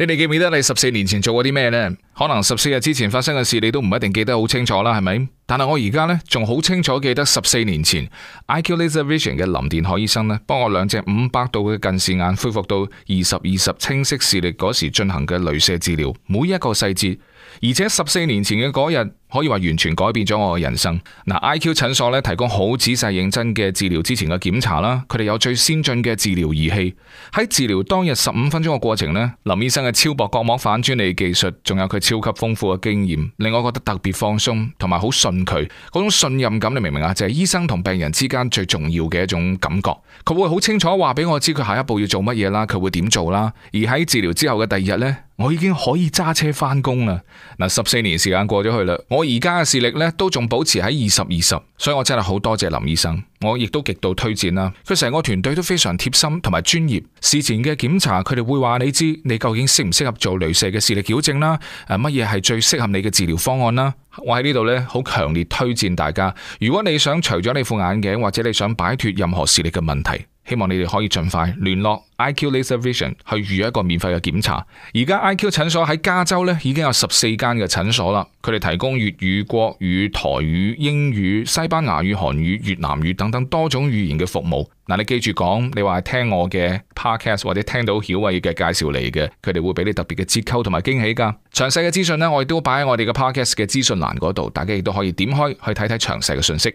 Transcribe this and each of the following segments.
你哋記唔記得你十四年前做過啲咩呢？可能十四日之前發生嘅事，你都唔一定記得好清楚啦，係咪？但係我而家呢，仲好清楚記得十四年前，IQ Laser Vision 嘅林電海醫生呢，幫我兩隻五百度嘅近視眼恢復到二十二十清晰視力嗰時進行嘅鐳射治療，每一個細節。而且十四年前嘅嗰日，可以話完全改變咗我嘅人生。嗱，IQ 診所咧提供好仔細認真嘅治療，之前嘅檢查啦，佢哋有最先進嘅治療儀器。喺治療當日十五分鐘嘅過程咧，林醫生嘅超薄角膜反專利技術，仲有佢超級豐富嘅經驗，令我覺得特別放鬆，同埋好信佢嗰種信任感。你明唔明啊？就係醫生同病人之間最重要嘅一種感覺。佢會好清楚話俾我知佢下一步要做乜嘢啦，佢會點做啦。而喺治療之後嘅第二日呢。我已經可以揸車返工啦！嗱，十四年時間過咗去啦，我而家嘅視力呢都仲保持喺二十二十，所以我真係好多謝林醫生，我亦都極度推薦啦。佢成個團隊都非常貼心同埋專業，事前嘅檢查佢哋會話你知你究竟適唔適合做雷射嘅視力矯正啦，乜嘢係最適合你嘅治療方案啦。我喺呢度呢，好強烈推薦大家，如果你想除咗你副眼鏡，或者你想擺脫任何視力嘅問題。希望你哋可以盡快聯絡 IQ Laser Vision 去預一個免費嘅檢查。而家 IQ 診所喺加州呢已經有十四間嘅診所啦，佢哋提供粵語、國語、台語、英語、西班牙語、韓語、越南語等等多種語言嘅服務。嗱，你記住講，你話係聽我嘅 podcast 或者聽到曉偉嘅介紹嚟嘅，佢哋會俾啲特別嘅折扣同埋驚喜㗎。詳細嘅資訊呢，我亦都擺喺我哋嘅 podcast 嘅資訊欄嗰度，大家亦都可以點開去睇睇詳細嘅信息。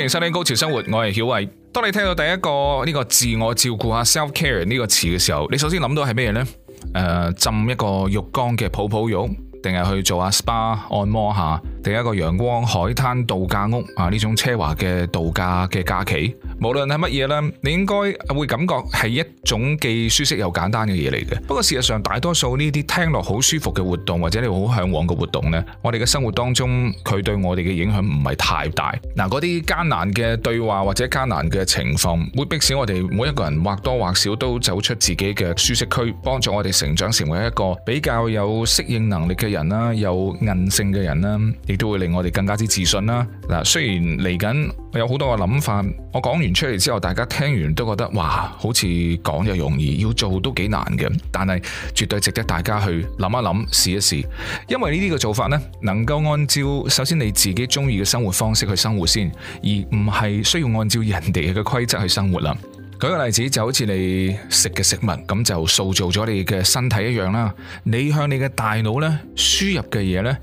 歡迎收聽高潮生活，我係曉慧。當你聽到第一個呢、這個自我照顧下 self care 呢個詞嘅時候，你首先諗到係咩呢？誒、呃，浸一個浴缸嘅泡泡浴，定係去做下 spa 按摩下，定一個陽光海灘度假屋啊？呢種奢華嘅度假嘅假期？無論係乜嘢咧，你應該會感覺係一種既舒適又簡單嘅嘢嚟嘅。不過事實上，大多數呢啲聽落好舒服嘅活動，或者你好向往嘅活動呢，我哋嘅生活當中，佢對我哋嘅影響唔係太大。嗱，嗰啲艱難嘅對話或者艱難嘅情況，會迫使我哋每一個人或多或少都走出自己嘅舒適區，幫助我哋成長成為一個比較有適應能力嘅人啦，有韌性嘅人啦，亦都會令我哋更加之自信啦。嗱，雖然嚟緊有好多嘅諗法，我講完。出嚟之後，大家聽完都覺得哇，好似講又容易，要做都幾難嘅。但係絕對值得大家去諗一諗、試一試，因為呢啲嘅做法呢，能夠按照首先你自己中意嘅生活方式去生活先，而唔係需要按照人哋嘅規則去生活啦。舉個例子，就好似你食嘅食物咁，就塑造咗你嘅身體一樣啦。你向你嘅大腦呢輸入嘅嘢呢，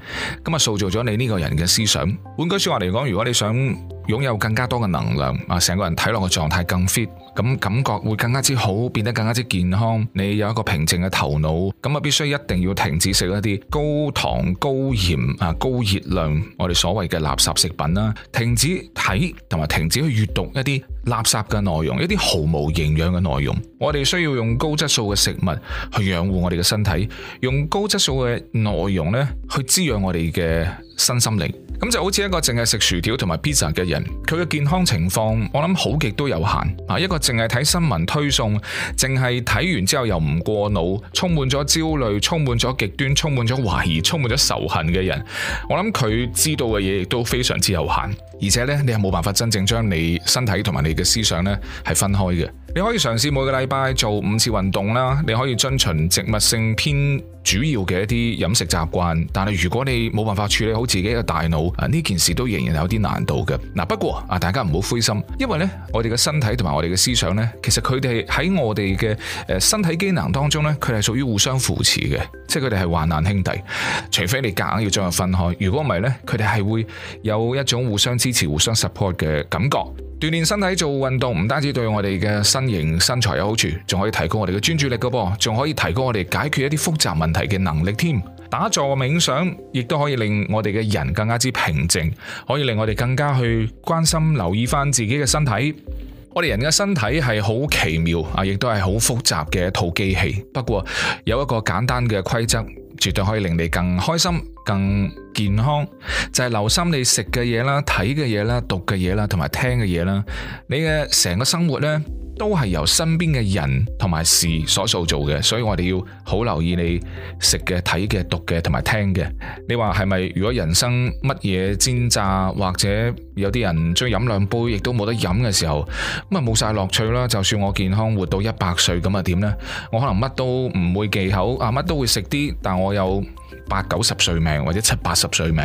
咁啊塑造咗你呢個人嘅思想。換句說話嚟講，如果你想，擁有更加多嘅能量啊！成個人睇落嘅狀態更 fit，咁感覺會更加之好，變得更加之健康。你有一個平靜嘅頭腦，咁啊必須一定要停止食一啲高糖、高鹽啊、高熱量，我哋所謂嘅垃圾食品啦。停止睇同埋停止去閱讀一啲垃圾嘅內容，一啲毫無營養嘅內容。我哋需要用高質素嘅食物去養護我哋嘅身體，用高質素嘅內容呢去滋養我哋嘅身心靈咁就好似一個淨係食薯條同埋 pizza 嘅人，佢嘅健康情況我諗好極都有限啊！一個淨係睇新聞推送，淨係睇完之後又唔過腦，充滿咗焦慮，充滿咗極端，充滿咗懷疑，充滿咗仇恨嘅人，我諗佢知道嘅嘢亦都非常之有限，而且呢，你係冇辦法真正將你身體同埋你嘅思想呢係分開嘅。你可以嘗試每個禮拜做五次運動啦，你可以遵循植物性偏主要嘅一啲飲食習慣，但係如果你冇辦法處理好。自己嘅大腦啊，呢件事都仍然有啲難度嘅。嗱，不過啊，大家唔好灰心，因為呢，我哋嘅身體同埋我哋嘅思想呢，其實佢哋喺我哋嘅誒身體機能當中呢，佢係屬於互相扶持嘅，即係佢哋係患難兄弟。除非你夾硬要將佢分開，如果唔係呢，佢哋係會有一種互相支持、互相 support 嘅感覺。鍛煉身體做運動，唔單止對我哋嘅身形身材有好處，仲可以提高我哋嘅專注力㗎噃，仲可以提高我哋解決一啲複雜問題嘅能力添。打坐冥想，亦都可以令我哋嘅人更加之平靜，可以令我哋更加去關心留意翻自己嘅身體。我哋人嘅身體係好奇妙啊，亦都係好複雜嘅一套機器。不過有一個簡單嘅規則，絕對可以令你更開心、更健康，就係、是、留心你食嘅嘢啦、睇嘅嘢啦、讀嘅嘢啦、同埋聽嘅嘢啦。你嘅成個生活咧。都係由身邊嘅人同埋事所塑造嘅，所以我哋要好留意你食嘅、睇嘅、讀嘅同埋聽嘅。你話係咪？如果人生乜嘢煎炸，或者有啲人中意飲兩杯，亦都冇得飲嘅時候，咁啊冇晒樂趣啦。就算我健康活到一百歲咁啊，點呢？我可能乜都唔會忌口啊，乜都會食啲，但我又。八九十歲命或者七八十歲命，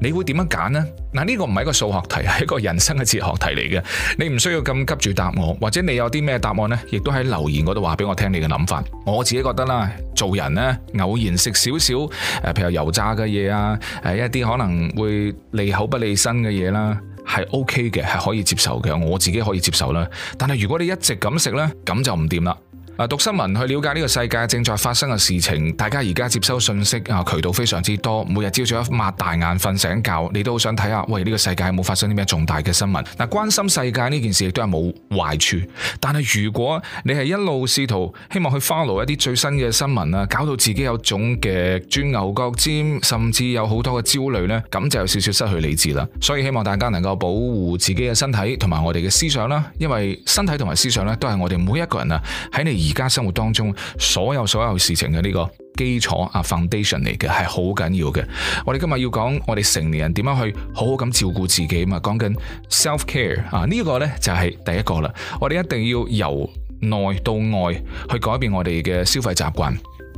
你會點樣揀呢？嗱，呢個唔係一個數學題，係一個人生嘅哲學題嚟嘅。你唔需要咁急住答我，或者你有啲咩答案呢？亦都喺留言嗰度話俾我聽你嘅諗法。我自己覺得啦，做人呢，偶然食少少誒，譬如油炸嘅嘢啊，誒，一啲可能會利口不利身嘅嘢啦，係 OK 嘅，係可以接受嘅，我自己可以接受啦。但係如果你一直咁食呢，咁就唔掂啦。嗱，讀新聞去了解呢個世界正在發生嘅事情，大家而家接收信息啊渠道非常之多，每日朝早一擘大眼瞓醒覺，你都好想睇下，喂，呢個世界有冇發生啲咩重大嘅新聞？嗱，關心世界呢件事亦都係冇壞處，但係如果你係一路試圖希望去 follow 一啲最新嘅新聞啊，搞到自己有種嘅鑽牛角尖，甚至有好多嘅焦慮呢，咁就有少少失去理智啦。所以希望大家能夠保護自己嘅身體同埋我哋嘅思想啦，因為身體同埋思想呢，都係我哋每一個人啊喺你。而家生活當中所有所有事情嘅呢個基礎啊 foundation 嚟嘅係好緊要嘅。我哋今日要講我哋成年人點樣去好好咁照顧自己嘛？講緊 self care 啊呢個呢就係第一個啦。我哋一定要由內到外去改變我哋嘅消費習慣。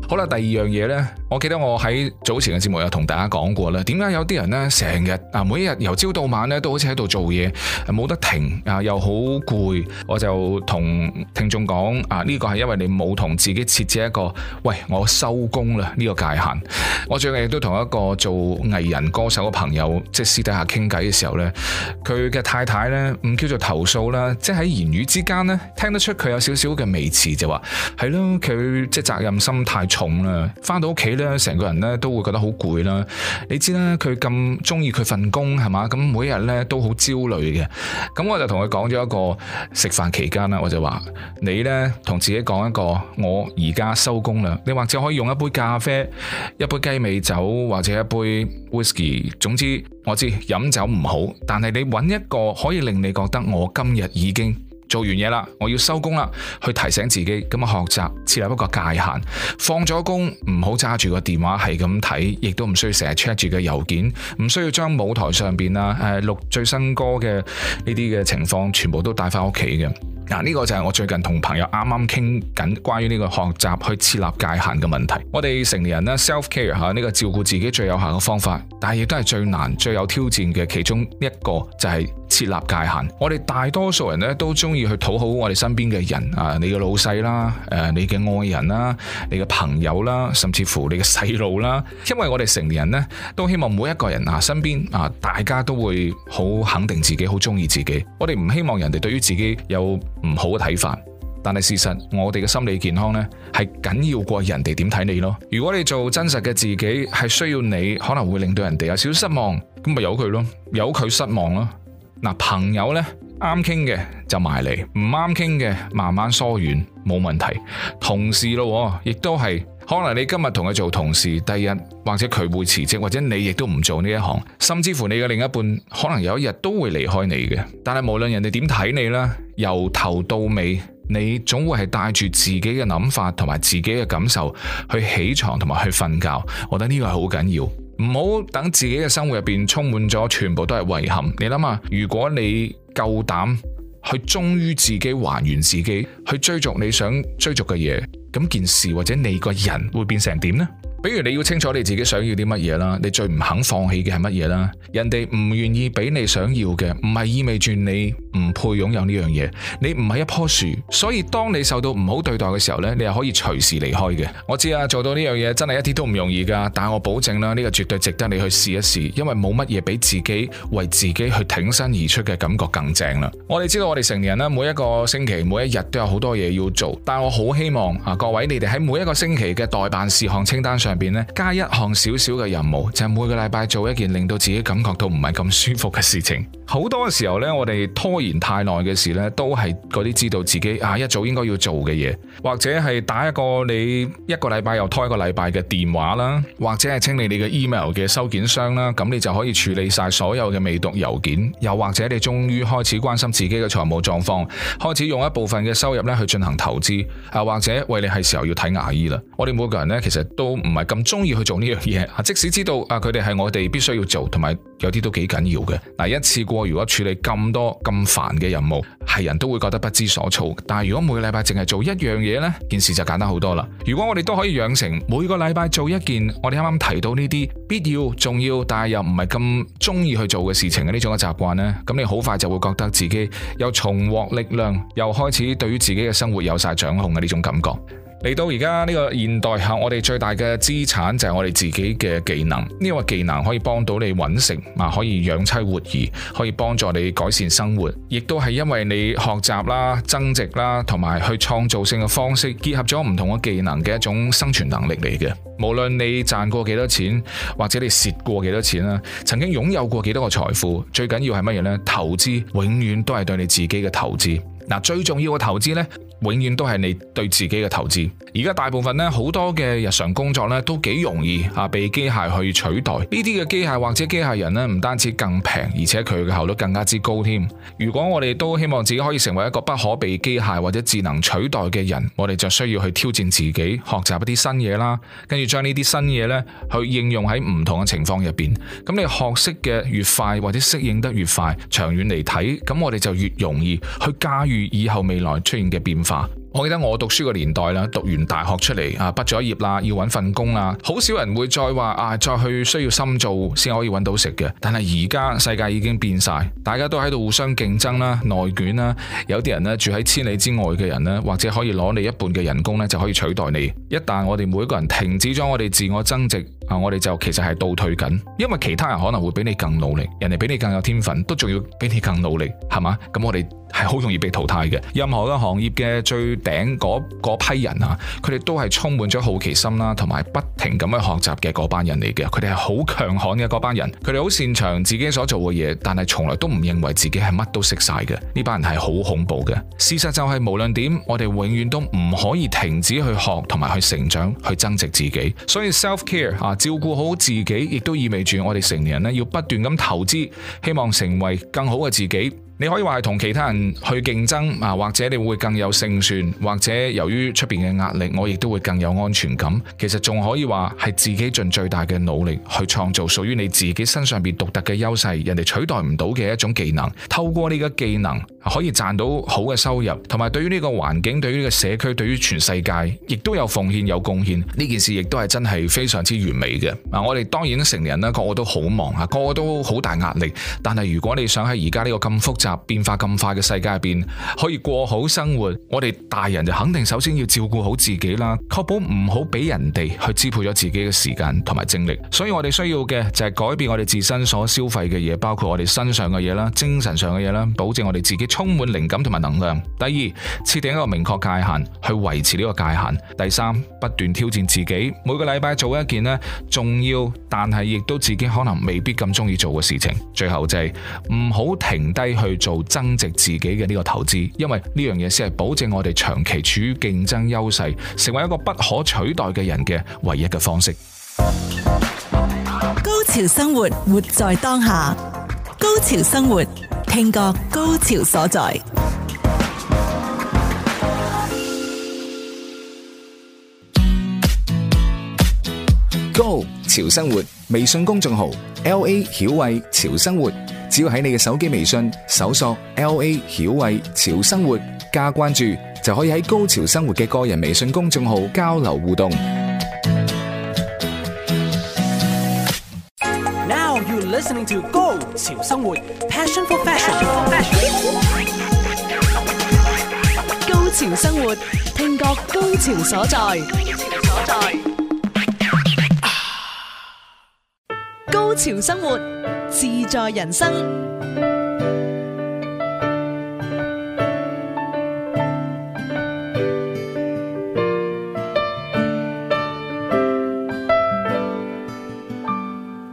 好啦，第二樣嘢咧，我記得我喺早前嘅節目有同大家講過咧，點解有啲人咧成日啊，每一日由朝到晚咧都好似喺度做嘢，冇得停啊，又好攰。我就同聽眾講啊，呢個係因為你冇同自己設置一個喂，我收工啦呢個界限。我最近亦都同一個做藝人歌手嘅朋友，即係私底下傾偈嘅時候咧，佢嘅太太咧唔叫做投訴啦，即係言語之間咧聽得出佢有少少嘅微詞就話係咯，佢即係責任心太重啦，翻到屋企咧，成個人咧都會覺得好攰啦。你知啦，佢咁中意佢份工係嘛？咁每日咧都好焦慮嘅。咁我就同佢講咗一個食飯期間啦，我就話你呢，同自己講一個，我而家收工啦。你或者可以用一杯咖啡、一杯雞尾酒或者一杯 whisky，總之我知飲酒唔好，但係你揾一個可以令你覺得我今日已經。做完嘢啦，我要收工啦，去提醒自己咁啊，學習設立一個界限。放咗工唔好揸住個電話係咁睇，亦都唔需要成日 check 住嘅郵件，唔需要將舞台上邊啊誒錄最新歌嘅呢啲嘅情況全部都帶翻屋企嘅。嗱、啊，呢、這個就係我最近同朋友啱啱傾緊關於呢個學習去設立界限嘅問題。我哋成年人呢 self care 吓、啊、呢、這個照顧自己最有效嘅方法，但係亦都係最難、最有挑戰嘅其中一個就係、是。設立界限，我哋大多數人呢都中意去討好我哋身邊嘅人啊，你嘅老細啦，誒、啊，你嘅愛人啦，你嘅朋友啦，甚至乎你嘅細路啦。因為我哋成年人呢，都希望每一個人啊身邊啊大家都會好肯定自己，好中意自己。我哋唔希望人哋對於自己有唔好嘅睇法，但係事實我哋嘅心理健康呢，係緊要過人哋點睇你咯。如果你做真實嘅自己，係需要你可能會令到人哋有少少失望，咁咪由佢咯，由佢失望咯。朋友呢，啱傾嘅就埋嚟，唔啱傾嘅慢慢疏遠，冇問題。同事咯，亦都係可能你今日同佢做同事，第日或者佢會辭職，或者你亦都唔做呢一行，甚至乎你嘅另一半可能有一日都會離開你嘅。但係無論人哋點睇你啦，由頭到尾，你總會係帶住自己嘅諗法同埋自己嘅感受去起床同埋去瞓覺。我覺得呢個係好緊要。唔好等自己嘅生活入邊充滿咗，全部都係遺憾。你諗下，如果你夠膽去忠於自己，還原自己、去追逐你想追逐嘅嘢，咁件事或者你個人會變成點呢？比如你要清楚你自己想要啲乜嘢啦，你最唔肯放棄嘅係乜嘢啦？人哋唔願意俾你想要嘅，唔係意味住你唔配擁有呢樣嘢。你唔係一棵樹，所以當你受到唔好對待嘅時候咧，你係可以隨時離開嘅。我知啊，做到呢樣嘢真係一啲都唔容易噶，但我保證啦，呢個絕對值得你去試一試，因爲冇乜嘢比自己爲自己去挺身而出嘅感覺更正啦。我哋知道我哋成年人啦，每一個星期每一日都有好多嘢要做，但我好希望啊，各位你哋喺每一個星期嘅代辦事項清單上。入邊咧，加一項少少嘅任務，就係每個禮拜做一件令到自己感覺到唔係咁舒服嘅事情。好多時候咧，我哋拖延太耐嘅事咧，都係嗰啲知道自己啊一早應該要做嘅嘢，或者係打一個你一個禮拜又拖一個禮拜嘅電話啦，或者係清理你嘅 email 嘅收件箱啦，咁你就可以處理晒所有嘅未讀郵件。又或者你終於開始關心自己嘅財務狀況，開始用一部分嘅收入咧去進行投資，啊或者為你係時候要睇牙醫啦。我哋每個人咧其實都唔係。咁中意去做呢樣嘢啊！即使知道啊，佢哋係我哋必須要做，同埋有啲都幾緊要嘅。嗱、啊，一次過如果處理咁多咁煩嘅任務，係人都會覺得不知所措。但係如果每個禮拜淨係做一樣嘢，呢件事就簡單好多啦。如果我哋都可以養成每個禮拜做一件我哋啱啱提到呢啲必要、重要，但係又唔係咁中意去做嘅事情嘅呢種嘅習慣呢，咁你好快就會覺得自己又重獲力量，又開始對於自己嘅生活有晒掌控嘅呢種感覺。嚟到而家呢個現代下，我哋最大嘅資產就係我哋自己嘅技能。呢個技能可以幫到你揾食，啊可以養妻活兒，可以幫助你改善生活，亦都係因為你學習啦、增值啦，同埋去創造性嘅方式，結合咗唔同嘅技能嘅一種生存能力嚟嘅。無論你賺過幾多錢，或者你蝕過幾多錢啦，曾經擁有過幾多個財富，最緊要係乜嘢呢？投資永遠都係對你自己嘅投資。嗱，最重要嘅投資呢。永遠都係你對自己嘅投資。而家大部分咧，好多嘅日常工作咧，都幾容易啊，被機械去取代。呢啲嘅機械或者機械人咧，唔單止更平，而且佢嘅效率更加之高添。如果我哋都希望自己可以成為一個不可被機械或者智能取代嘅人，我哋就需要去挑戰自己，學習一啲新嘢啦，跟住將呢啲新嘢咧，去應用喺唔同嘅情況入邊。咁你學識嘅越快或者適應得越快，長遠嚟睇，咁我哋就越容易去駕馭以後未來出現嘅變化。我記得我讀書個年代啦，讀完大學出嚟啊，畢咗業啦，要揾份工啦，好少人會再話啊，再去需要深造先可以揾到食嘅。但係而家世界已經變晒，大家都喺度互相競爭啦，內卷啦，有啲人咧住喺千里之外嘅人咧，或者可以攞你一半嘅人工咧就可以取代你。一旦我哋每個人停止咗我哋自我增值，我哋就其實係倒退緊，因為其他人可能會比你更努力，人哋比你更有天分，都仲要比你更努力，係嘛？咁我哋係好容易被淘汰嘅。任何嘅行業嘅最頂嗰批人啊，佢哋都係充滿咗好奇心啦，同埋不停咁去學習嘅嗰班人嚟嘅。佢哋係好強悍嘅嗰班人，佢哋好擅長自己所做嘅嘢，但係從來都唔認為自己係乜都識晒嘅。呢班人係好恐怖嘅。事實就係，無論點，我哋永遠都唔可以停止去學同埋去成長，去增值自己。所以 self care 啊！照顧好自己，亦都意味住我哋成年人要不斷咁投資，希望成為更好嘅自己。你可以話係同其他人去競爭啊，或者你會更有勝算，或者由於出邊嘅壓力，我亦都會更有安全感。其實仲可以話係自己盡最大嘅努力去創造屬於你自己身上邊獨特嘅優勢，人哋取代唔到嘅一種技能。透過呢個技能可以賺到好嘅收入，同埋對於呢個環境、對於呢個社區、對於全世界，亦都有奉獻有貢獻。呢件事亦都係真係非常之完美嘅。嗱，我哋當然成年人啦，個個都好忙啊，個個都好大壓力。但係如果你想喺而家呢個咁複雜，變化咁快嘅世界入邊，可以過好生活。我哋大人就肯定首先要照顧好自己啦，確保唔好俾人哋去支配咗自己嘅時間同埋精力。所以我哋需要嘅就係改變我哋自身所消費嘅嘢，包括我哋身上嘅嘢啦，精神上嘅嘢啦，保證我哋自己充滿靈感同埋能量。第二，設定一個明確界限去維持呢個界限。第三，不斷挑戰自己，每個禮拜做一件呢重要但係亦都自己可能未必咁中意做嘅事情。最後就係唔好停低去。做增值自己嘅呢個投資，因為呢樣嘢先係保證我哋長期處於競爭優勢，成為一個不可取代嘅人嘅唯一嘅方式。高潮生活，活在當下。高潮生活，聽覺高潮所在。高潮生活微信公眾號：L A 曉慧，潮生活。只要喺你嘅手機微信搜索 L A 曉慧潮生活加關注，就可以喺高潮生活嘅個人微信公眾號交流互動。Now you listening to 高潮生活，Passion for Fashion。高潮生活，聽覺高潮所在。高潮生活。自在人生。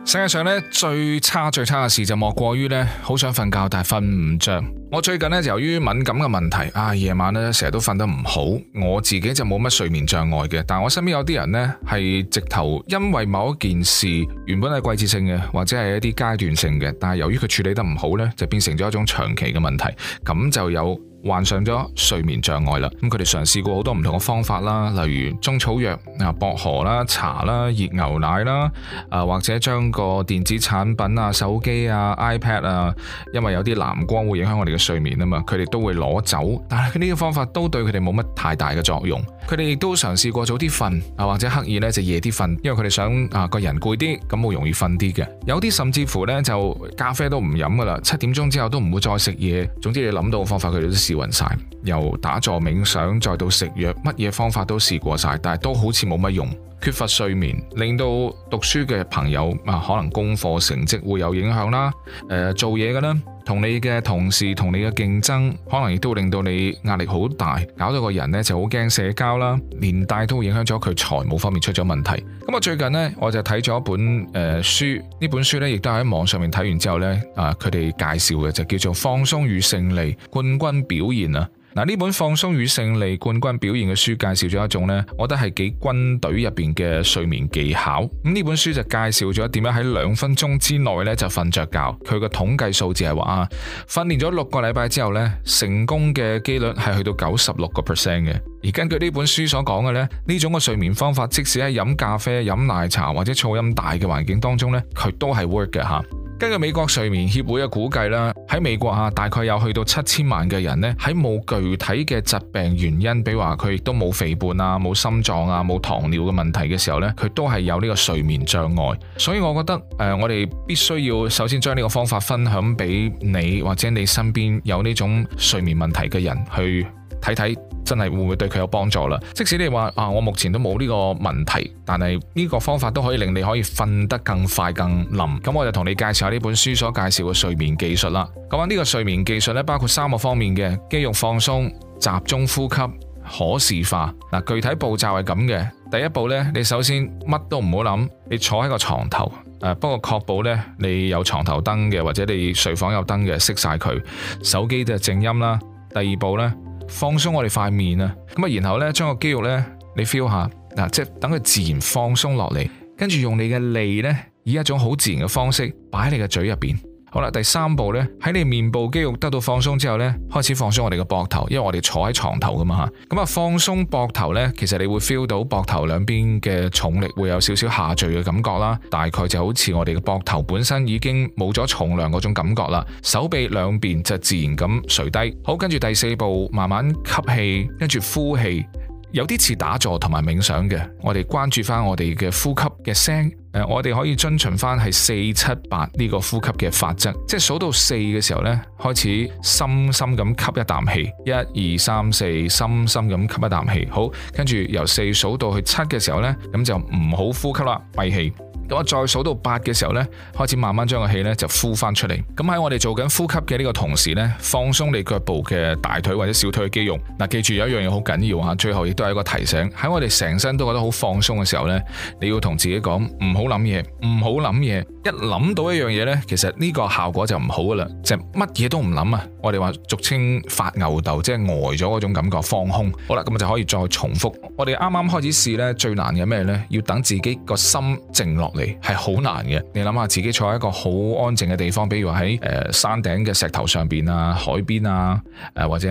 世界上咧最差最差嘅事就莫過於咧，好想瞓覺，但係瞓唔着。我最近咧由於敏感嘅問題啊，夜晚咧成日都瞓得唔好。我自己就冇乜睡眠障礙嘅，但係我身邊有啲人呢係直頭因為某一件事原本係季節性嘅或者係一啲階段性嘅，但係由於佢處理得唔好呢，就變成咗一種長期嘅問題，咁就有。患上咗睡眠障礙啦，咁佢哋嘗試過好多唔同嘅方法啦，例如中草藥啊、薄荷啦、茶啦、熱牛奶啦，啊或者將個電子產品啊、手機啊、iPad 啊，因為有啲藍光會影響我哋嘅睡眠啊嘛，佢哋都會攞走，但係呢個方法都對佢哋冇乜太大嘅作用。佢哋亦都嘗試過早啲瞓啊，或者刻意呢就夜啲瞓，因為佢哋想啊個人攰啲咁會容易瞓啲嘅。有啲甚至乎呢就咖啡都唔飲噶啦，七點鐘之後都唔會再食嘢。總之你諗到嘅方法，佢哋都試。暈晒，由打坐冥想，再到食藥，乜嘢方法都試過晒，但係都好似冇乜用。缺乏睡眠令到讀書嘅朋友啊，可能功課成績會有影響啦。誒、呃，做嘢嘅啦。同你嘅同事，同你嘅競爭，可能亦都會令到你壓力好大，搞到個人呢就好驚社交啦，連帶都會影響咗佢財務方面出咗問題。咁啊，最近呢，我就睇咗一本誒、呃、書，呢本書呢亦都喺網上面睇完之後呢，啊佢哋介紹嘅就叫做《放鬆與勝利：冠軍表現》啊。嗱，呢本《放鬆與勝利》冠軍表現嘅書介紹咗一種咧，我覺得係幾軍隊入邊嘅睡眠技巧。咁呢本書就介紹咗點樣喺兩分鐘之內咧就瞓着覺。佢個統計數字係話啊，訓練咗六個禮拜之後咧，成功嘅幾率係去到九十六個 percent 嘅。而根據呢本書所講嘅咧，呢種嘅睡眠方法，即使喺飲咖啡、飲奶茶或者噪音大嘅環境當中咧，佢都係 work 嘅吓。根據美國睡眠協會嘅估計啦。喺美國吓，大概有去到七千萬嘅人咧，喺冇具體嘅疾病原因，比如話佢亦都冇肥胖啊、冇心臟啊、冇糖尿嘅問題嘅時候咧，佢都係有呢個睡眠障礙。所以我覺得誒、呃，我哋必須要首先將呢個方法分享俾你或者你身邊有呢種睡眠問題嘅人去。睇睇真係會唔會對佢有幫助啦。即使你話啊，我目前都冇呢個問題，但係呢個方法都可以令你可以瞓得更快更冧。咁我就同你介紹下呢本書所介紹嘅睡眠技術啦。咁呢個睡眠技術呢，包括三個方面嘅肌肉放鬆、集中呼吸、可視化。嗱、啊，具體步驟係咁嘅。第一步呢，你首先乜都唔好諗，你坐喺個床頭誒，不過確保呢，你有床頭燈嘅，或者你睡房有燈嘅，熄晒佢，手機都係靜音啦。第二步呢。放鬆我哋塊面啊，然後咧，將個肌肉咧，你 feel 下嗱，即係等佢自然放鬆落嚟，跟住用你嘅脷咧，以一種好自然嘅方式擺喺你嘅嘴入面。好啦，第三步咧，喺你面部肌肉得到放鬆之後咧，開始放鬆我哋嘅膊頭，因為我哋坐喺床頭噶嘛吓，咁啊放鬆膊頭咧，其實你會 feel 到膊頭兩邊嘅重力會有少少下墜嘅感覺啦，大概就好似我哋嘅膊頭本身已經冇咗重量嗰種感覺啦，手臂兩邊就自然咁垂低。好，跟住第四步，慢慢吸氣，跟住呼氣，有啲似打坐同埋冥想嘅，我哋關注翻我哋嘅呼吸。嘅聲，我哋可以遵循翻係四七八呢個呼吸嘅法則，即係數到四嘅時候呢，開始深深咁吸一啖氣，一二三四，深深咁吸一啖氣，好，跟住由四數到去七嘅時候呢，咁就唔好呼吸啦，閉氣。咁我再數到八嘅時候呢，開始慢慢將個氣呢就呼翻出嚟。咁喺我哋做緊呼吸嘅呢個同時呢，放鬆你腳部嘅大腿或者小腿嘅肌肉。嗱，記住有一樣嘢好緊要吓，最後亦都係一個提醒。喺我哋成身都覺得好放鬆嘅時候呢，你要同自己講唔好諗嘢，唔好諗嘢。一諗到一樣嘢咧，其實呢個效果就唔好噶啦，即係乜嘢都唔諗啊！我哋話俗稱發牛豆，即係呆咗種感覺，放空。好啦，咁就可以再重複。我哋啱啱開始試咧，最難嘅咩咧？要等自己個心靜落嚟，係好難嘅。你諗下，自己坐喺一個好安靜嘅地方，比如話喺誒山頂嘅石頭上邊啊，海邊啊，誒或者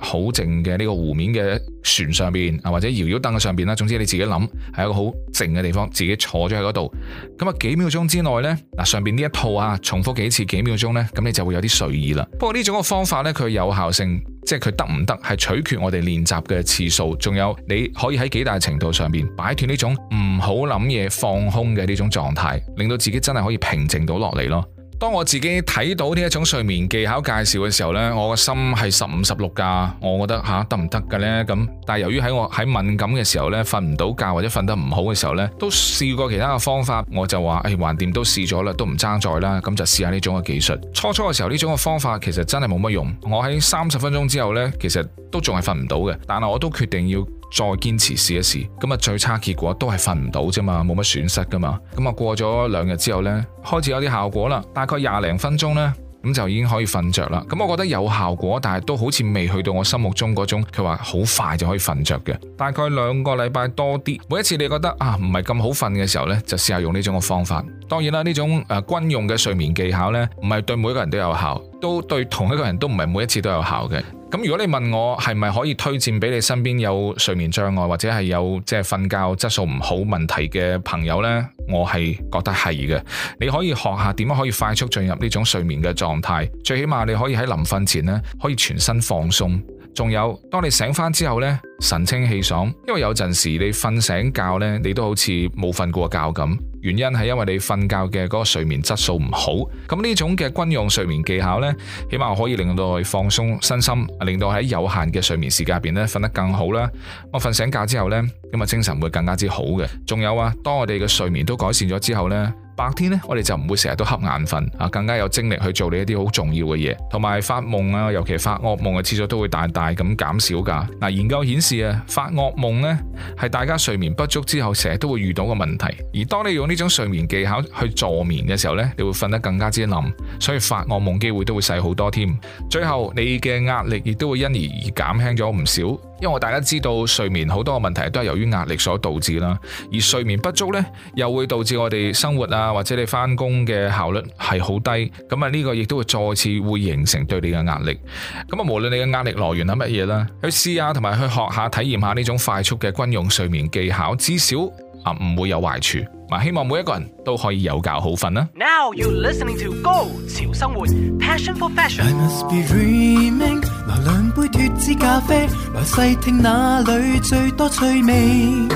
好靜嘅呢個湖面嘅船上邊啊，或者搖搖凳嘅上邊啦。總之你自己諗，係一個好靜嘅地方，自己坐咗喺度。咁啊，幾秒鐘之內咧。嗱，上邊呢一套啊，重複幾次幾秒鐘咧，咁你就會有啲隨意啦。不過呢種嘅方法咧，佢有效性，即係佢得唔得，係取決我哋練習嘅次數，仲有你可以喺幾大程度上邊擺脫呢種唔好諗嘢放空嘅呢種狀態，令到自己真係可以平靜到落嚟咯。當我自己睇到呢一種睡眠技巧介紹嘅時候呢，我個心係十五十六噶。我覺得吓得唔得嘅呢？咁但係由於喺我喺敏感嘅時候呢，瞓唔到覺或者瞓得唔好嘅時候呢，都試過其他嘅方法，我就話誒，橫掂都試咗啦，都唔爭在啦，咁就試下呢種嘅技術。初初嘅時候，呢種嘅方法其實真係冇乜用，我喺三十分鐘之後呢，其實都仲係瞓唔到嘅，但係我都決定要。再堅持試一試，咁啊最差結果都係瞓唔到啫嘛，冇乜損失噶嘛。咁啊過咗兩日之後呢，開始有啲效果啦，大概廿零分鐘呢，咁就已經可以瞓着啦。咁我覺得有效果，但係都好似未去到我心目中嗰種，佢話好快就可以瞓着嘅。大概兩個禮拜多啲，每一次你覺得啊唔係咁好瞓嘅時候呢，就試下用呢種嘅方法。當然啦，呢種誒軍用嘅睡眠技巧呢，唔係對每一個人都有效，都對同一個人都唔係每一次都有效嘅。咁如果你問我係咪可以推薦俾你身邊有睡眠障礙或者係有即係瞓覺質素唔好問題嘅朋友呢，我係覺得係嘅。你可以學下點樣可以快速進入呢種睡眠嘅狀態，最起碼你可以喺臨瞓前呢，可以全身放鬆，仲有當你醒翻之後呢，神清氣爽，因為有陣時你瞓醒覺呢，你都好似冇瞓過覺咁。原因係因為你瞓覺嘅嗰個睡眠質素唔好，咁呢種嘅軍用睡眠技巧呢，起碼可以令到佢放鬆身心，令到喺有限嘅睡眠時間入邊呢，瞓得更好啦。我瞓醒覺之後呢，咁啊精神會更加之好嘅。仲有啊，當我哋嘅睡眠都改善咗之後呢。白天呢，我哋就唔會成日都瞌眼瞓啊，更加有精力去做你一啲好重要嘅嘢，同埋發夢啊，尤其，發惡夢嘅次數都會大大咁減少噶。嗱，研究顯示啊，發惡夢呢係大家睡眠不足之後成日都會遇到嘅問題。而當你用呢種睡眠技巧去助眠嘅時候呢，你會瞓得更加之冧，所以發惡夢機會都會細好多添。最後，你嘅壓力亦都會因而而減輕咗唔少。因為大家知道睡眠好多嘅問題都係由於壓力所導致啦，而睡眠不足呢，又會導致我哋生活啊，或者你翻工嘅效率係好低，咁啊呢個亦都會再次會形成對你嘅壓力。咁啊無論你嘅壓力來源係乜嘢啦，去試下同埋去學下體驗下呢種快速嘅軍用睡眠技巧，至少。啊，唔會有壞處。嗱，希望每一個人都可以有覺好瞓啦。Now you listening to 高潮生活，Passion for fashion。I must be dreaming。來兩杯脱脂咖啡，來細聽哪裏最多趣味。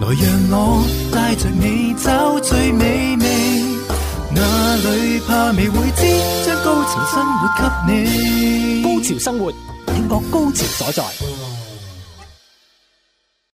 來讓我帶著你找最美味，哪裏怕未會知，將高潮生活給你。高潮生活，聽覺高潮所在。